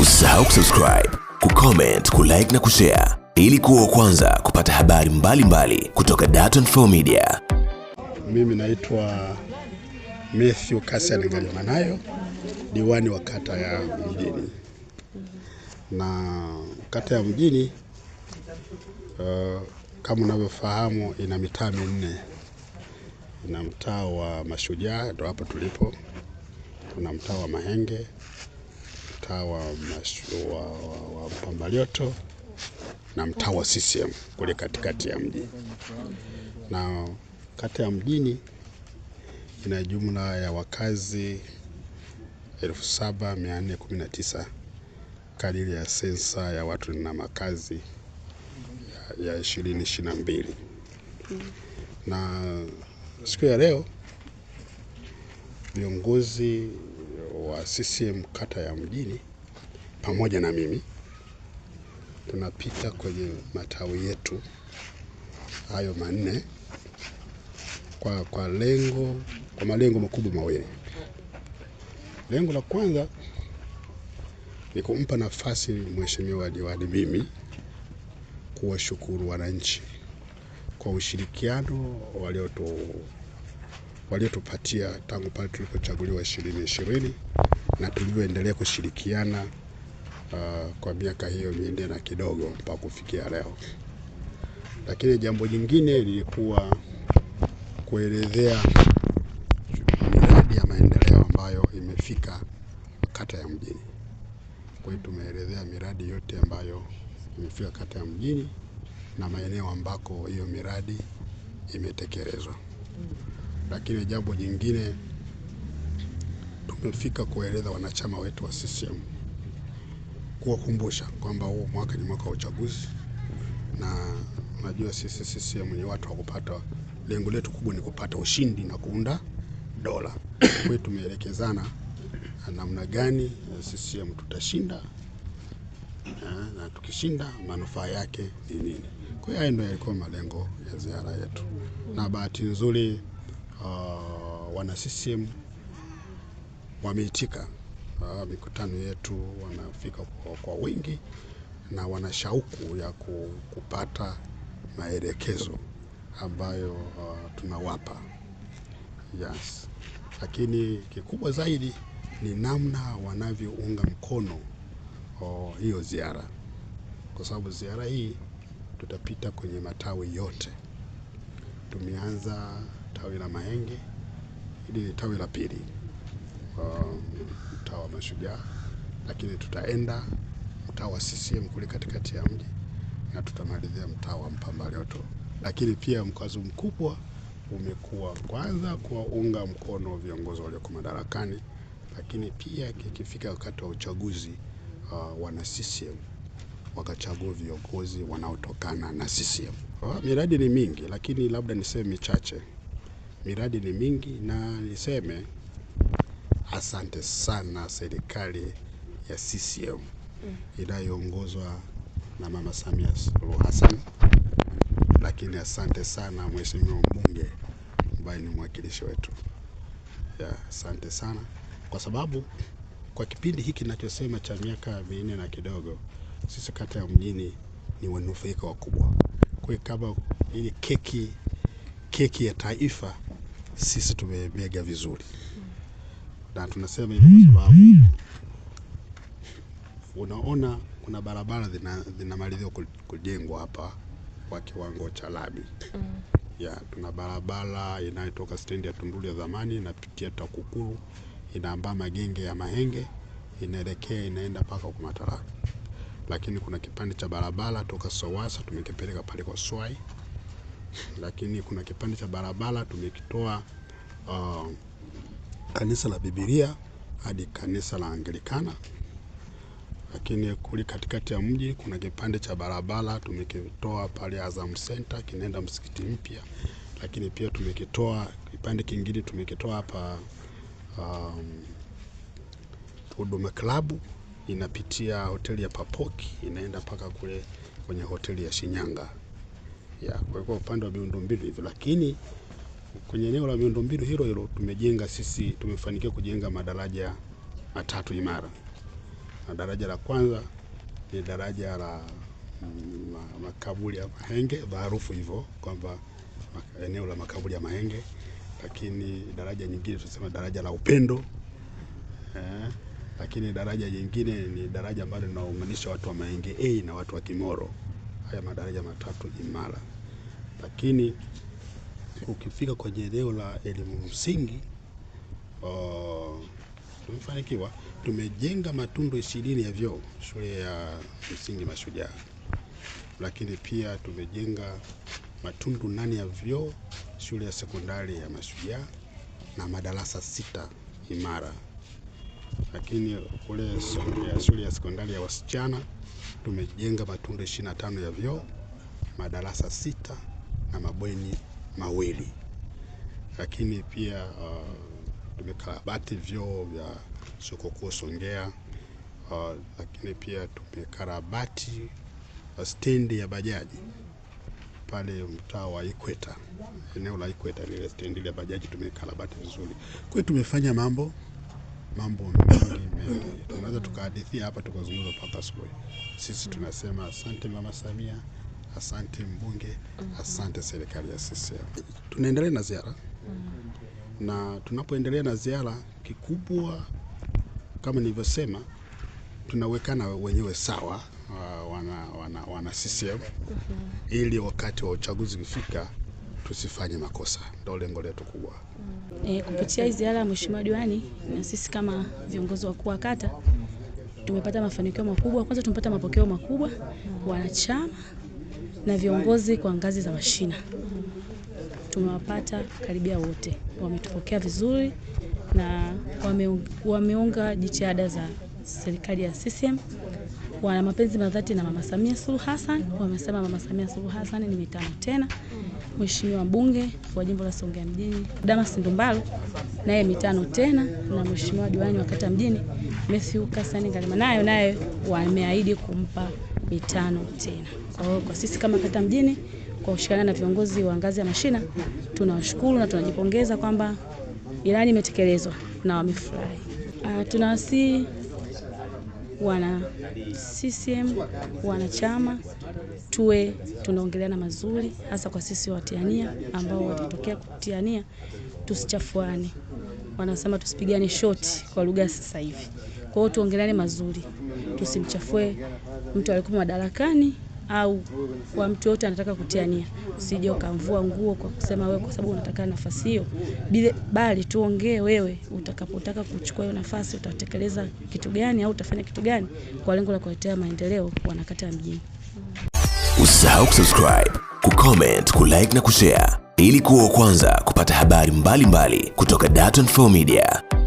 Usisahau kusubscribe, kucomment, kulike na kushare ili kuwa kwanza kupata habari mbalimbali mbali kutoka Dar24 Media. Mimi naitwa Matthew Kasani Ngalimanayo, diwani wa kata ya Mjini, na kata ya Mjini uh, kama unavyofahamu ina mitaa minne. Ina mtaa wa Mashujaa, ndio hapo tulipo. Kuna mtaa wa Mahenge, mtaa wa, wa, Pambalioto na mtaa wa CCM kule katikati ya mji, na kata ya mjini ina jumla ya wakazi 7419 kadiri ya sensa ya watu na makazi ya 2022 na siku ya leo viongozi wa CCM kata ya mjini pamoja na mimi tunapita kwenye matawi yetu hayo manne kwa, kwa lengo kwa malengo makubwa mawili. Lengo la kwanza ni kumpa nafasi mheshimiwa diwani mimi kuwashukuru wananchi kwa ushirikiano waliotu waliotupatia tangu pale tulipochaguliwa ishirini ishirini na tulivyoendelea kushirikiana uh, kwa miaka hiyo minne na kidogo mpaka kufikia leo. Lakini jambo jingine lilikuwa kuelezea miradi ya maendeleo ambayo imefika kata ya mjini. Kwa hiyo tumeelezea miradi yote ambayo imefika kata ya mjini na maeneo ambako hiyo miradi imetekelezwa. Lakini jambo jingine tumefika kueleza wanachama wetu wa CCM kuwakumbusha kwamba huu mwaka ni mwaka wa uchaguzi, na najua sisi sisi mwenye watu wa kupata, lengo letu kubwa ni kupata ushindi na kuunda dola. Kwa hiyo tumeelekezana namna gani CCM tutashinda na, eh, na tukishinda manufaa yake ni nini. Kwa hiyo hayo ndio yalikuwa malengo ya ziara yetu, na bahati nzuri uh, wana CCM wameitika mikutano yetu wanafika kwa, kwa wingi na wana shauku ya kupata maelekezo ambayo uh, tunawapa. Yes. Lakini kikubwa zaidi ni namna wanavyounga mkono uh, hiyo ziara, kwa sababu ziara hii tutapita kwenye matawi yote. Tumeanza tawi la Mahenge, hili ni tawi la pili. Um, mtaa wa Mashujaa, lakini tutaenda mtaa wa CCM kule katikati ya mji na tutamalizia mtaa wa Mpambalioto. Lakini pia mkazo mkubwa umekuwa kwanza kuwaunga mkono viongozi walioko madarakani, lakini pia kikifika wakati wa uchaguzi uh, wana CCM wakachagua viongozi wanaotokana na CCM. Uh, miradi ni mingi, lakini labda niseme michache. Miradi ni mingi na niseme Asante sana serikali ya CCM mm. inayoongozwa na Mama Samia Suluhu Hassan, lakini asante sana mheshimiwa mbunge ambaye ni mwakilishi wetu ya, asante sana kwa sababu kwa kipindi hiki nachosema cha miaka minne na kidogo, sisi kata ya mjini ni wanufaika wakubwa. Kwa kama ili keki, keki ya taifa, sisi tumebega vizuri na tunasema hivyo kwa sababu unaona kuna barabara zinamalizia kujengwa hapa kwa kiwango cha lami mm. ya tuna barabara inayotoka stendi ya Tunduru ya zamani inapitia TAKUKURU inaambaa magenge ya Mahenge inaelekea inaenda mpaka kwa Matarani, lakini kuna kipande cha barabara toka Sowasa tumekipeleka pale kwa Swai, lakini kuna kipande cha barabara tumekitoa uh, kanisa la Bibilia hadi kanisa la Anglikana, lakini kuli katikati ya mji kuna kipande cha barabara tumekitoa pale Azam Center kinaenda msikiti mpya, lakini pia tumekitoa kipande kingine tumekitoa hapa um, Huduma Klabu inapitia hoteli ya Papoki inaenda mpaka kule kwenye hoteli ya Shinyanga ya kwa upande wa miundombinu hivyo, lakini Kwenye eneo la miundombinu hilo hilo tumejenga sisi, tumefanikiwa kujenga madaraja matatu imara, na daraja la kwanza ni daraja la makaburi ya Mahenge maarufu hivyo kwamba eneo la makaburi ya Mahenge, lakini daraja nyingine tunasema daraja la upendo eh, lakini daraja jingine ni daraja ambalo linaunganisha watu wa Mahenge A na watu wa Kimoro. Haya madaraja matatu imara, lakini ukifika kwenye eneo la elimu msingi uh, tumefanikiwa, tumejenga matundu ishirini ya vyoo shule ya msingi Mashujaa, lakini pia tumejenga matundu nane ya vyoo shule ya sekondari ya Mashujaa na madarasa sita imara lakini kule shule ya sekondari ya wasichana tumejenga matundu 25 ya vyoo, madarasa sita na mabweni mawili, lakini pia uh, tumekarabati vyoo vya soko kuu Songea. Uh, lakini pia tumekarabati uh, stendi ya bajaji pale mtaa wa Ikweta, eneo la Ikweta, lile stendi ya bajaji tumekarabati vizuri. Kwa hiyo tumefanya mambo mambo mengi, tunaweza tukahadithia hapa tukazungumza mpaka asubuhi. Sisi tunasema asante Mama Samia asante mbunge, asante serikali ya CCM. Tunaendelea na ziara na tunapoendelea na ziara, kikubwa kama nilivyosema, tunawekana wenyewe sawa ah, wana, wana, wana CCM ili wakati wa uchaguzi ukifika tusifanye makosa, ndio lengo letu kubwa. E, kupitia hii ziara ya mheshimiwa diwani na sisi kama viongozi wakuu wa kata tumepata mafanikio makubwa. Kwanza tumepata mapokeo makubwa wanachama na viongozi kwa ngazi za mashina. Tumewapata karibia wote, wametupokea vizuri na wame, wameunga jitihada za serikali ya CCM. Wana mapenzi madhati na Mama Samia Suluhu Hassan, wamesema Mama Samia Suluhu Hassan ni mitano tena. Mheshimiwa mbunge wa jimbo la Songea mjini Damas Ndumbaro naye mitano tena, na Mheshimiwa diwani wa kata mjini Matthew Kasani Ngalimanayo naye wameahidi kumpa mitano tena. Kwa hiyo kwa sisi kama kata mjini kwa kushikana na viongozi wa ngazi ya mashina tunawashukuru na tunajipongeza kwamba ilani imetekelezwa na wamefurahi. Uh, wana CCM wanachama tuwe tunaongeleana mazuri, hasa kwa sisi watiania ambao watatokea kutiania, tusichafuane. Wanasema tusipigane shoti kwa lugha sasa hivi. Kwa hiyo tuongeleane mazuri, tusimchafue mtu alikuwa madarakani au kwa mtu yote anataka kutiania, usije ukamvua nguo kwa kusema wewe kwa sababu unataka nafasi hiyo, bali tuongee wewe, utakapotaka kuchukua hiyo nafasi utatekeleza kitu gani au utafanya kitu gani kwa lengo la kuletea maendeleo wanakata ya mjini. Usisahau kusubscribe, kucomment, kulike na kushare ili kuwa wa kwanza kupata habari mbalimbali mbali kutoka Dar24 Media.